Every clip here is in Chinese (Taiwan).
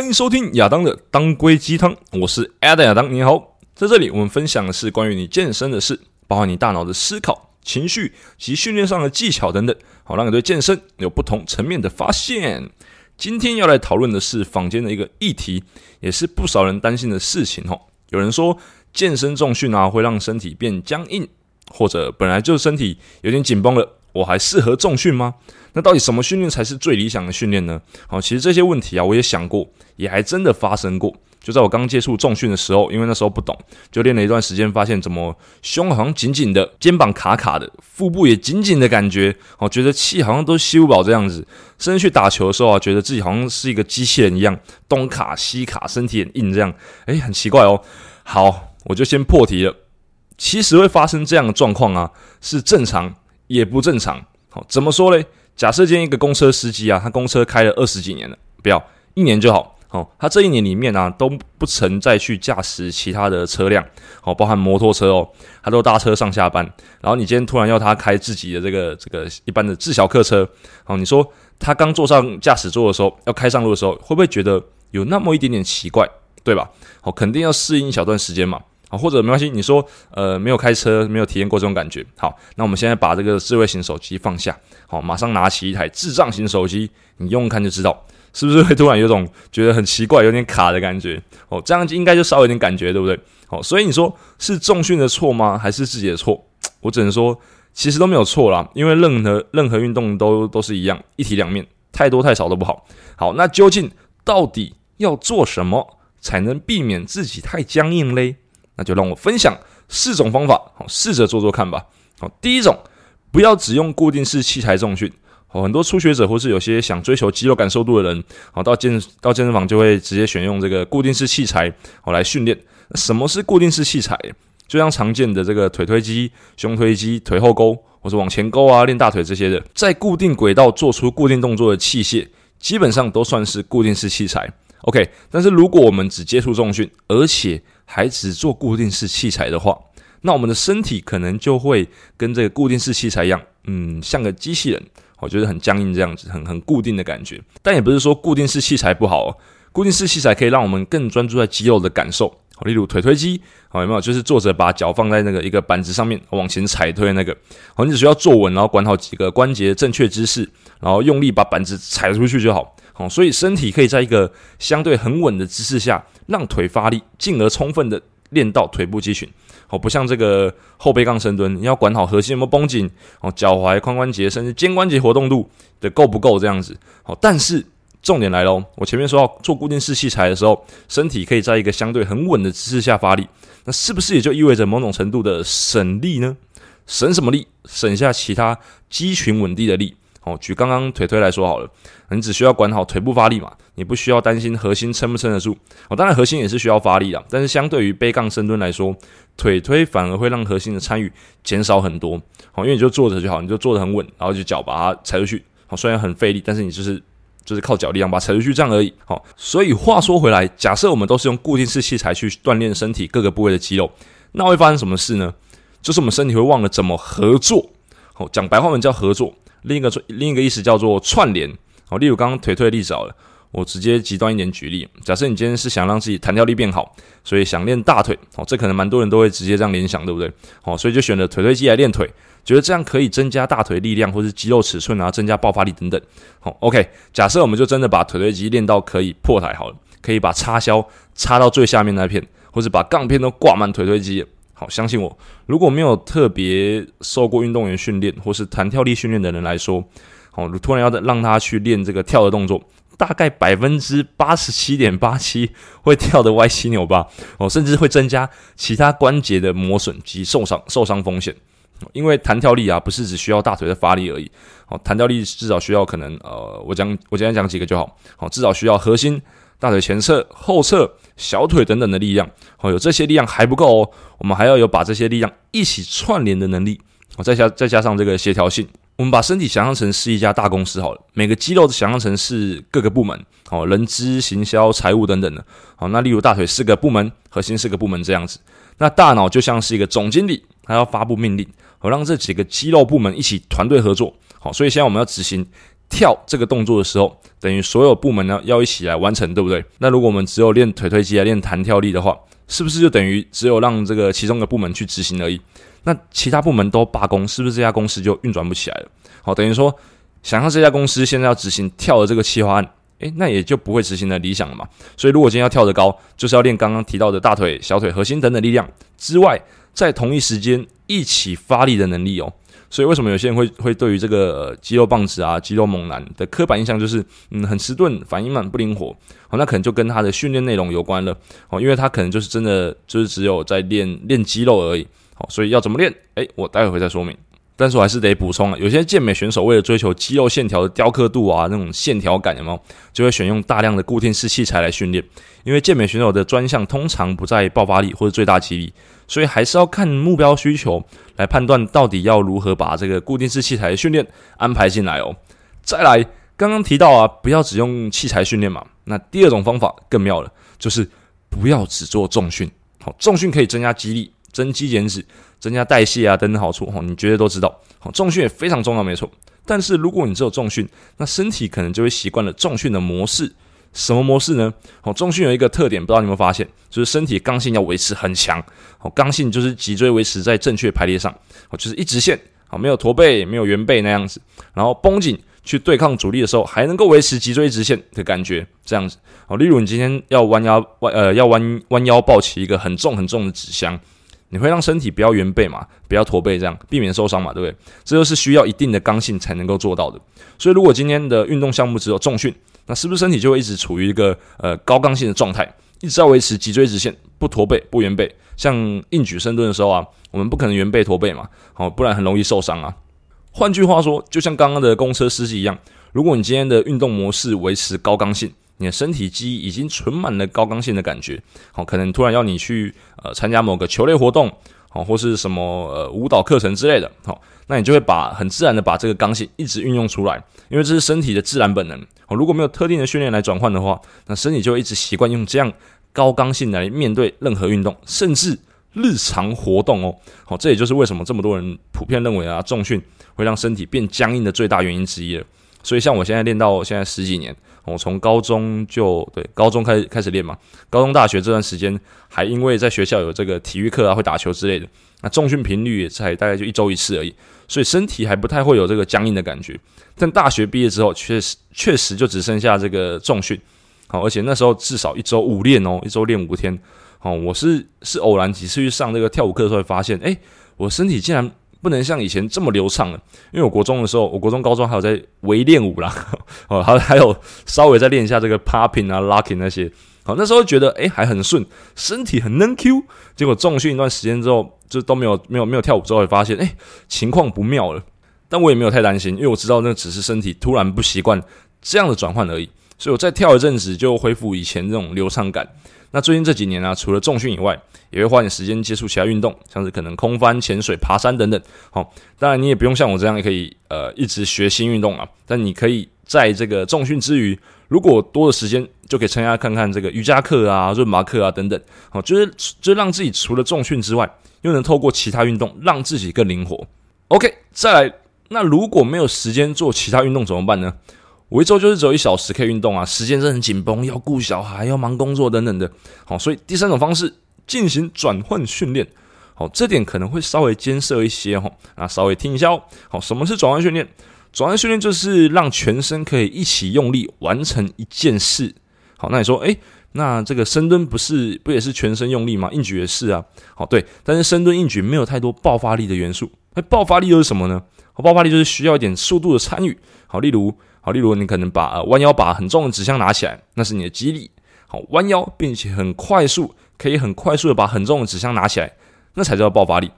歡迎收聽亞當的當歸雞湯，我是 Adam 亞當，你好，在這裡我們分享的是關於你健身的事，包含你大腦的思考、情緒及訓練上的技巧等等，好讓你對健身有不同層面的發現。今天要來討論的是坊間的一個議題，也是不少人擔心的事情哦。有人說，健身重訓啊會讓身體變僵硬，或者本來就身體有點緊繃了。我還適合重訓嗎？那到底什麼訓練才是最理想的訓練呢？好，其實這些問題啊，我也想過，也還真的發生過。就在我剛接觸重訓的時候，因為那時候不懂，就練了一段時間，發現怎麼胸好像緊緊的，肩膀卡卡的，腹部也緊緊的感覺，哦，覺得氣好像都吸不飽這樣子。甚至去打球的時候啊，覺得自己好像是一個機器人一樣，東卡西卡，身體很硬這樣。哎，很奇怪哦。好，我就先破題了。其實會發生這樣的狀況啊，是正常，也不正常，好，怎麼說呢？假設今天一個公車司機啊，他公車開了二十幾年了，不要一年就好，好，他這一年裡面呢、啊，都不曾再去駕駛其他的車輛，好，包含摩托車哦，他都搭車上下班。然後你今天突然要他開自己的這個這個一般的自小客車，好，你說他剛坐上駕駛座的時候，要開上路的時候，會不會覺得有那麼一點點奇怪，對吧？好，肯定要適應一小段時間嘛。好，或者沒關係，你說，呃，沒有開車，沒有體驗過這種感覺。好，那我們現在把這個智慧型手機放下，好，馬上拿起一台智障型手機，你用看就知道，是不是會突然有種覺得很奇怪、有點卡的感覺？哦，這樣應該就稍微有點感覺，對不對？好，所以你說是重訓的錯嗎？還是自己的錯？我只能說，其實都沒有錯啦，因為任何任何運動都都是一樣，一體兩面，太多太少都不好。好，那究竟到底要做什麼才能避免自己太僵硬嘞？那就讓我分享四種方法，好試着做做看吧。好，第一種，不要只用固定式器材重訓。好，很多初學者或是有些想追求肌肉感受度的人，好到健到健身房就會直接選用這個固定式器材，好來訓練。什麼是固定式器材？非常常見的這個腿推機、胸推機、腿後勾或是往前勾啊，練大腿這些的，在固定軌道做出固定動作的器械，基本上都算是固定式器材。OK，但是如果我們只接觸重訓，而且還只做固定式器材的話，那我們的身體可能就會跟這個固定式器材一樣，嗯，像個機器人，我覺得很僵硬這樣子，很很固定的感覺。但也不是說固定式器材不好哦，固定式器材可以讓我們更專注在肌肉的感受。例如腿推機，好有沒有？就是坐着把腳放在那個一個板子上面往前踩推那個，你只需要坐穩，然後管好幾個關節正確姿勢，然後用力把板子踩出去就好。好，所以身體可以在一個相對很穩的姿勢下，讓腿發力，進而充分的練到腿部肌群。好，不像這個後背槓深蹲，你要管好核心有沒有繃緊，哦，腳踝、髖關節甚至肩關節活動度的夠不夠這樣子。好，但是。重點來嘍！我前面說到做固定式器材的時候，身體可以在一個相對很穩的姿勢下發力，那是不是也就意味着某種程度的省力呢？省什麼力？省下其他肌群穩定的力。哦，舉剛剛腿推來說好了，你只需要管好腿部發力嘛，你不需要擔心核心撐不撐得住。哦，當然核心也是需要發力的，但是相對於背槓深蹲來說，腿推反而會讓核心的參與減少很多。好，因為你就坐着就好，你就坐得很穩，然後就腳把它踩出去。好，雖然很費力，但是你就是。就是靠腳力量把它踩出去這樣而已。好，所以話說回來，假設我們都是用固定式器材去鍛鍊身體各個部位的肌肉，那會發生什麼事呢？就是我們身體會忘了怎麼合作。好，講白話文叫合作。另一個另一個意思叫做串聯。好，例如剛剛腿推的例子好了，我直接極端一點舉例，假設你今天是想讓自己彈跳力變好，所以想練大腿。好，這可能蠻多人都會直接這樣聯想，對不對？好，所以就選擇腿推機來練腿。覺得這樣可以增加大腿力量，或是肌肉尺寸啊，增加爆發力等等。好，OK，假設我們就真的把腿推肌練到可以破台好了，可以把插銷插到最下面那片，或是把槓片都掛滿腿推肌。好，相信我，如果沒有特別受過運動員訓練或是彈跳力訓練的人來說，哦，突然要讓他去練這個跳的動作，大概百分之八十七點八七會跳得歪七扭八，哦，甚至會增加其他關節的磨損及受傷受傷風險。因為彈跳力啊，不是只需要大腿的發力而已。哦，彈跳力至少需要可能呃，我講我簡單講幾個就好。至少需要核心、大腿前側、後側、小腿等等的力量。有這些力量還不夠哦，我們還要有把這些力量一起串聯的能力。再加再加上這個協調性。我們把身體想象成是一家大公司好了，每個肌肉想象成是各個部門。人資、行銷、財務等等的。那例如大腿四個部門，核心四個部門這樣子。那大腦就像是一個總經理，他要發布命令。好，讓這幾個肌肉部門一起團隊合作。好，所以現在我們要執行跳這個動作的時候，等於所有部門呢要一起來完成，對不對？那如果我們只有練腿推肌來練彈跳力的話，是不是就等於只有讓這個其中的部門去執行而已？那其他部門都罷工，是不是這家公司就運轉不起來了？好，等於說，想象這家公司現在要執行跳的這個企劃案，誒，那也就不會執行的理想了嘛。所以，如果今天要跳得高，就是要練剛剛提到的大腿、小腿、核心等等力量之外。在同一時間一起發力的能力哦，所以為什麼有些人會會對於這個肌肉棒子啊、肌肉猛男的刻板印象就是嗯，很遲鈍、反應慢、不靈活哦，那可能就跟他的訓練內容有關了哦，因為他可能就是真的就是只有在練練肌肉而已哦，所以要怎麼練？哎、欸，我待會會再說明。但是我還是得補充啊，有些健美選手為了追求肌肉線條的雕刻度啊，那種線條感有沒有，就會選用大量的固定式器材來訓練。因為健美選手的專項通常不在爆發力或者最大肌力，所以還是要看目標需求來判斷到底要如何把這個固定式器材的訓練安排進來哦。再來，剛剛提到啊，不要只用器材訓練嘛，那第二種方法更妙了，就是不要只做重訓。好，重訓可以增加肌力，增肌減脂。增加代謝啊等等好處哦，你絕對都知道。好，重訓也非常重要，沒錯。但是如果你只有重訓，那身體可能就會習慣了重訓的模式。什麼模式呢？好，重訓有一個特點，不知道你有沒有發現，就是身體剛性要維持很強。好，剛性就是脊椎維持在正確排列上，好，就是一直線，好，沒有駝背，沒有圓背那樣子，然後繃緊去對抗阻力的時候，還能夠維持脊椎一直線的感覺，這樣子。好，例如你今天要彎腰彎呃要彎彎腰抱起一個很重很重的紙箱。你會讓身體不要圓背嘛，不要駝背這樣，避免受傷嘛，對不對？這就是需要一定的剛性才能夠做到的。所以如果今天的運動項目只有重訓，那是不是身體就會一直處於一個呃高剛性的狀態，一直在維持脊椎直線，不駝背，不圓背？像硬舉深蹲的時候啊，我們不可能圓背駝背嘛，好，不然很容易受傷啊。換句話說，就像剛剛的公車司機一樣，如果你今天的運動模式維持高剛性，你的身體記憶，已經存滿了高剛性的感覺，好，可能突然要你去呃參加某個球類活動，好，或是什麼呃舞蹈課程之類的，好，那你就會把很自然的把這個剛性一直運用出來，因為這是身體的自然本能，好，如果沒有特定的訓練來轉換的話，那身體就會一直習慣用這樣高剛性來面對任何運動，甚至日常活動哦，好，這也就是為什麼這麼多人普遍認為啊重訓會讓身體變僵硬的最大原因之一了。所以像我現在練到現在十幾年，我從高中就對高中開始開始練嘛，高中大學這段時間還因為在學校有這個體育課啊，會打球之類的，那重訓頻率也才大概就一周一次而已，所以身體還不太會有這個僵硬的感覺。但大學畢業之後確，確實確實就只剩下這個重訓，好，而且那時候至少一周五練哦，一周練五天哦，我是是偶然幾次去上這個跳舞課的時候就發現，誒，我身體竟然不能像以前這麼流暢了，因為我國中的時候，我國中、高中還有在微練舞啦，哦，還還有稍微再練一下這個 popping 啊、locking 那些，好，那時候覺得哎、欸、還很順，身體很能 Q，結果重訓一段時間之後，就都沒有沒有沒有跳舞之後，會發現哎、欸、情況不妙了，但我也沒有太擔心，因為我知道那只是身體突然不習慣這樣的轉換而已。所以，我再跳一陣子就恢復以前這種流暢感。那最近這幾年呢、啊，除了重訓以外，也會花點時間接觸其他運動，像是可能空翻、潛水、爬山等等。好、哦，當然你也不用像我這樣，也可以呃一直學新運動啊。但你可以在這個重訓之餘，如果多的時間，就可以參加看看這個瑜伽課啊、潤毛課啊等等。好、哦，就是就是讓自己除了重訓之外，又能透過其他運動讓自己更靈活。OK，再來，那如果沒有時間做其他運動怎麼辦呢？我一週就是只有一小時，可以運動啊，時間真的很緊繃，要顧小孩，要忙工作等等的。好，所以第三種方式進行轉換訓練。好，這點可能會稍微艱澀一些哈、哦，那稍微聽一下哦。好，什麼是轉換訓練？轉換訓練就是讓全身可以一起用力完成一件事。好，那你說，誒，那這個深蹲不是不也是全身用力嗎？硬舉也是啊。好，對，但是深蹲硬舉沒有太多爆發力的元素。那爆發力又是什麼呢？爆發力就是需要一點速度的參與。好，例如。例如你可能把呃彎腰把很重的紙箱拿起來，那是你的肌力。好，彎腰並且很快速，可以很快速的把很重的紙箱拿起來，那才叫爆發力。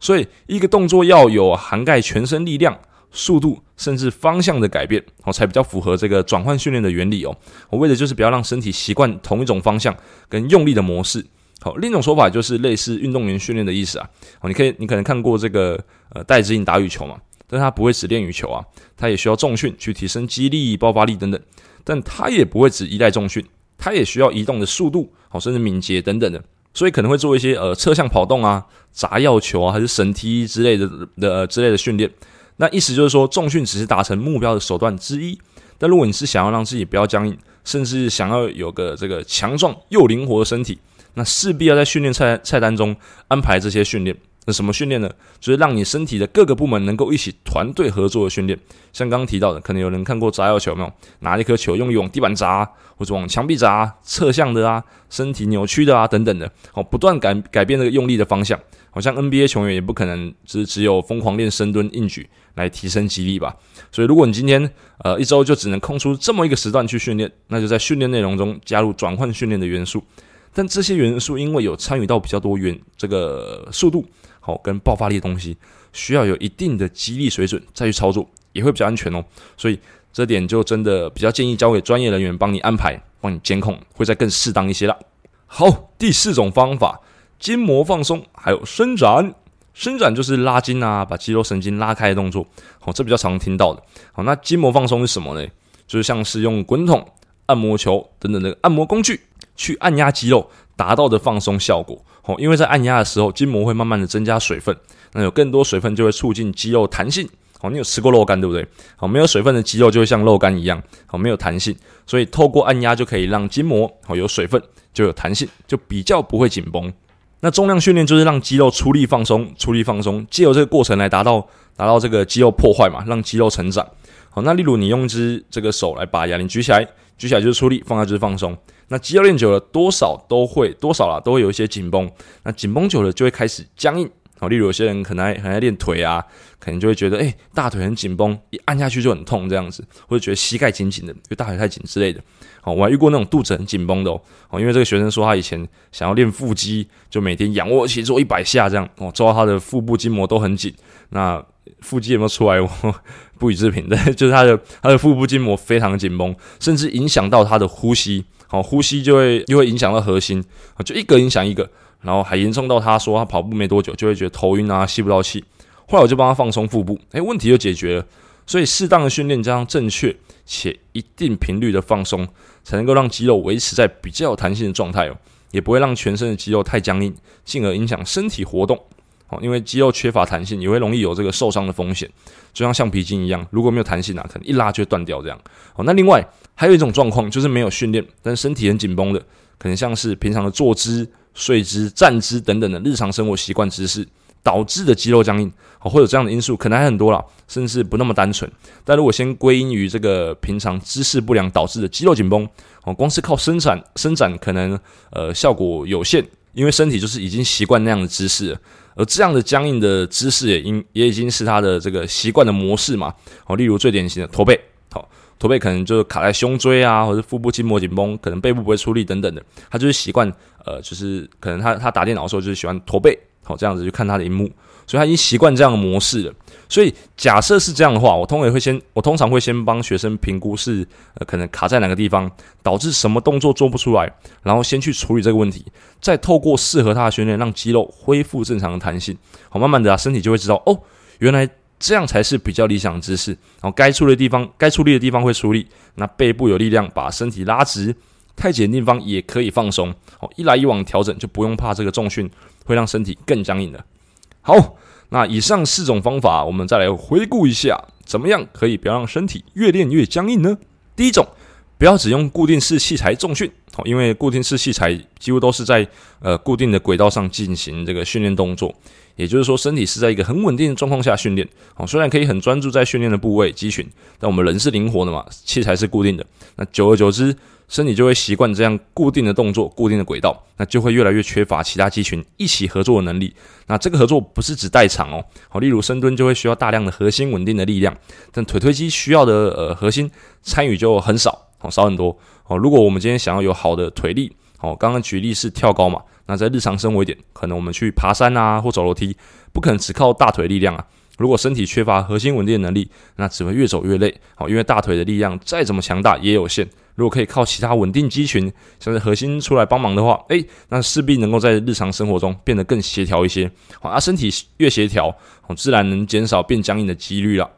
所以一個動作要有涵蓋全身力量、速度甚至方向的改變，哦，才比較符合這個轉換訓練的原理哦。我為的就是不要讓身體習慣同一種方向跟用力的模式。好，另一種說法就是類似運動員訓練的意思啊。好，你可以你可能看過這個呃戴資穎打羽球嘛？但他不會只練羽球啊，他也需要重訓去提升肌力、爆發力等等。但他也不會只依賴重訓，他也需要移動的速度，好，甚至敏捷等等的。所以可能會做一些呃側向跑動啊、砸藥球啊，還是繩梯之類的的、呃、之類的訓練。那意思就是說，重訓只是達成目標的手段之一。但如果你是想要讓自己不要僵硬，甚至想要有個這個強壯又靈活的身體，那勢必要在訓練菜菜單中安排這些訓練。那什麼訓練呢？就是讓你身體的各個部門能夠一起團隊合作的訓練。像剛剛提到的，可能有人看過砸藥球有沒有？拿一顆球用力往地板砸，或者往牆壁砸，側向的啊，身體扭曲的啊，等等的哦，不斷改改變這個用力的方向。好像 NBA 球員也不可能只只有瘋狂練深蹲硬舉來提升肌力吧？所以，如果你今天呃一周就只能空出這麼一個時段去訓練，那就在訓練內容中加入轉換訓練的元素。但這些元素因為有參與到比較多元這個速度。跟爆發力的東西，需要有一定的肌力水準再去操作，也會比較安全哦。所以這點就真的比較建議交給專業人員幫你安排，幫你監控，會再更適當一些啦。好，第四種方法，筋膜放鬆還有伸展。伸展就是拉筋啊，把肌肉神經拉開的動作。好，這比較常聽到的。好，那筋膜放鬆是什麼呢？就是像是用滾筒、按摩球等等的按摩工具去按壓肌肉，達到的放鬆效果，好，因為在按壓的時候，筋膜會慢慢的增加水分，那有更多水分就會促進肌肉彈性。好，你有吃過肉乾對不對？好，沒有水分的肌肉就會像肉乾一樣，好，沒有彈性，所以透過按壓就可以讓筋膜好，有水分就有彈性，就比較不會緊繃。那重量訓練就是讓肌肉出力放鬆，出力放鬆，借由這個過程來達到達到這個肌肉破壞嘛，讓肌肉成長。好，那例如你用一只這個手來把啞鈴舉起來。舉起來就是出力，放下就是放鬆。那肌肉練久了，多少都會，多少啦，都會有一些緊繃。那緊繃久了，就會開始僵硬。好，例如有些人可能還，可能還在練腿啊，可能就會覺得，誒、欸，大腿很緊繃，一按下去就很痛這樣子，或者覺得膝蓋緊緊的，因為大腿太緊之類的。好，我還遇過那種肚子很緊繃的哦。哦，因為這個學生說他以前想要練腹肌，就每天仰臥起坐一百下這樣，哦，做到他的腹部筋膜都很緊。那腹肌有沒有出來？哦？不予置評，對，就是他的他的腹部筋膜非常緊繃，甚至影響到他的呼吸，好，呼吸就會又會影響到核心，就一個影響一個，然後還嚴重到他說他跑步沒多久就會覺得頭暈啊，吸不到氣。後來我就幫他放鬆腹部，哎、欸，問題就解決了。所以適當的訓練加上正確且一定頻率的放鬆，才能夠讓肌肉維持在比較有彈性的狀態哦，也不會讓全身的肌肉太僵硬，進而影響身體活動。因為肌肉缺乏彈性，也會容易有這個受傷的風險，就像橡皮筋一樣，如果沒有彈性啊，可能一拉就會斷掉這樣。哦，那另外還有一種狀況，就是沒有訓練，但是身體很緊繃的，可能像是平常的坐姿、睡姿、站姿等等的日常生活習慣姿勢導致的肌肉僵硬。哦，會有這樣的因素，可能還很多啦，甚至不那麼單純。但如果先歸因於這個平常姿勢不良導致的肌肉緊繃，哦，光是靠伸展、伸展可能呃效果有限，因為身體就是已經習慣那樣的姿勢。而這樣的僵硬的姿勢也應也已經是他的這個習慣的模式嘛？好，例如最典型的駝背，好，駝背可能就是卡在胸椎啊，或者腹部筋膜緊繃，可能背部不會出力等等的，他就是習慣，呃，就是可能他他打電腦的時候就是喜歡駝背，好，這樣子去看他的螢幕。所以他已經習慣這樣的模式了。所以假設是這樣的話，我通常會先，我通常會先幫學生評估是、呃、可能卡在哪個地方，導致什麼動作做不出來，然後先去處理這個問題，再透過適合他的訓練，讓肌肉恢復正常的彈性。好，慢慢的啊，身體就會知道哦，原來這樣才是比較理想的姿勢。然後該出力的地方，該出力的地方會出力。那背部有力量，把身體拉直，太緊的地方也可以放鬆。哦，一來一往調整，就不用怕這個重訓會讓身體更僵硬了。好，那以上四種方法，我們再來回顧一下，怎麼樣可以不要讓身體越練越僵硬呢？第一種，不要只用固定式器材重訓，因為固定式器材幾乎都是在呃固定的軌道上進行這個訓練動作，也就是說身體是在一個很穩定的狀況下訓練，雖然可以很專注在訓練的部位肌群，但我們人是靈活的嘛，器材是固定的，那久而久之。身體就會習慣這樣固定的動作、固定的軌道，那就會越來越缺乏其他肌群一起合作的能力。那這個合作不是指代償哦，好，例如深蹲就會需要大量的核心穩定的力量，但腿推肌需要的呃核心參與就很少哦，少很多哦。如果我們今天想要有好的腿力，好，剛剛舉例是跳高嘛，那在日常生活一點，可能我們去爬山啊或走樓梯，不可能只靠大腿力量啊。如果身體缺乏核心穩定的能力，那只會越走越累。好，因為大腿的力量再怎麼強大也有限。如果可以靠其他穩定肌群，像是核心出來幫忙的話，哎、欸，那勢必能夠在日常生活中變得更協調一些。好，而身體越協調，自然能減少變僵硬的幾率了。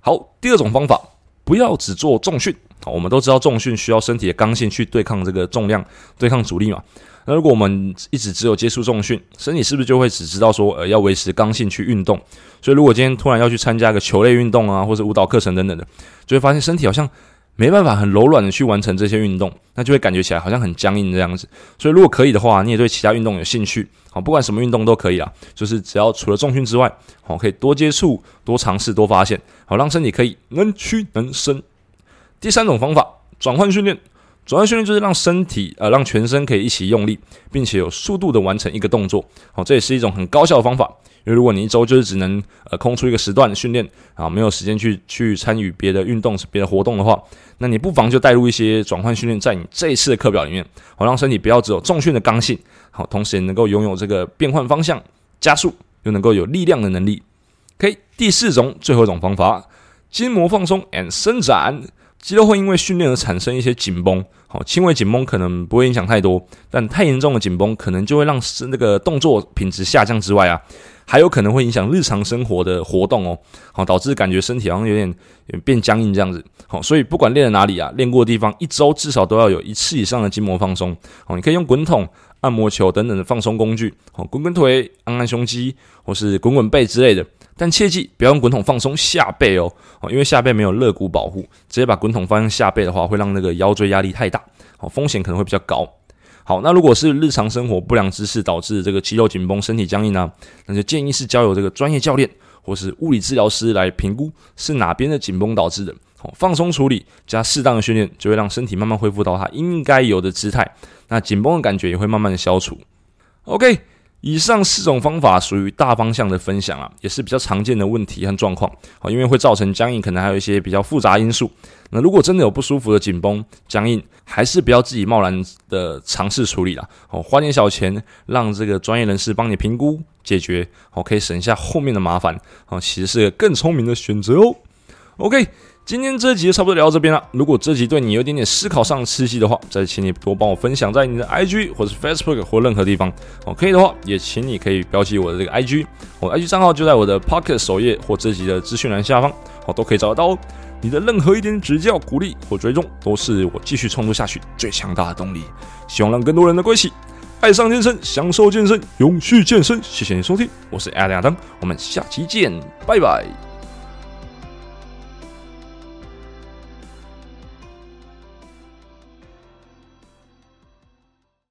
好，第二種方法。不要只做重訓，好，我們都知道重訓需要身體的剛性去對抗這個重量，對抗阻力嘛。那如果我們一直只有接觸重訓，身體是不是就會只知道說，呃，要維持剛性去運動？所以如果今天突然要去參加個球類運動啊，或是舞蹈課程等等的，就會發現身體好像。沒辦法很柔軟的去完成這些運動，那就會感覺起來好像很僵硬這樣子。所以如果可以的話，你也對其他運動有興趣，好，不管什麼運動都可以啊。就是只要除了重訓之外，好，可以多接觸、多嘗試、多發現，好，讓身體可以能屈能伸。第三種方法，轉換訓練，轉換訓練就是讓身體呃讓全身可以一起用力，並且有速度的完成一個動作，好，這也是一種很高效的方法。因為如果你一周就是只能呃空出一個時段訓練啊，然後沒有時間去去參與別的運動、別的活動的話，那你不妨就帶入一些轉換訓練在你這一次的課表裡面，好讓身體不要只有重訓的剛性，好，同時也能夠擁有這個變換方向、加速又能夠有力量的能力。OK，第四種最後一種方法，筋膜放鬆 and 伸展。肌肉會因為訓練而產生一些緊繃，好，輕微緊繃可能不會影響太多，但太嚴重的緊繃可能就會讓那個動作品質下降之外啊，還有可能會影響日常生活的活動哦，好，導致感覺身體好像有點，有點變僵硬這樣子，好，所以不管練了哪裡啊，練過的地方一周至少都要有一次以上的筋膜放鬆，好，你可以用滾筒、按摩球等等的放鬆工具，好，滾滾腿、按按胸肌或是滾滾背之類的。但切記不要用滾筒放鬆下背哦，哦，因為下背沒有肋骨保護，直接把滾筒放在下背的話，會讓那個腰椎壓力太大，哦，風險可能會比較高。好，那如果是日常生活不良姿勢導致這個肌肉緊繃、身體僵硬呢，那就建議是交由這個專業教練或是物理治療師來評估是哪邊的緊繃導致的，哦，放鬆處理加適當的訓練，就會讓身體慢慢恢復到它應該有的姿態，那緊繃的感覺也會慢慢的消除。OK。以上四種方法屬於大方向的分享啊，也是比較常見的問題和狀況哦，因為會造成僵硬，可能還有一些比較複雜因素。那如果真的有不舒服的緊繃、僵硬，還是不要自己貿然的嘗試處理了哦，花點小錢讓這個專業人士幫你評估解決，哦，可以省一下後面的麻煩哦，其實是個更聰明的選擇哦。OK，今天這集就差不多聊到這邊了。如果這集對你有一點點思考上的刺激的話，再請你多幫我分享在你的 IG 或者 Facebook 或任何地方。哦，可以的話，也請你可以標記我的這個 IG，我的 IG 賬號就在我的 Pocket 首頁或這集的資訊欄下方，哦，都可以找得到哦。你的任何一點指教、鼓勵或追蹤，都是我繼續創作下去最強大的動力。希望讓更多人的關係愛上健身、享受健身、永續健身。謝謝你收聽，我是 Adam 亞當，我們下期見，拜拜。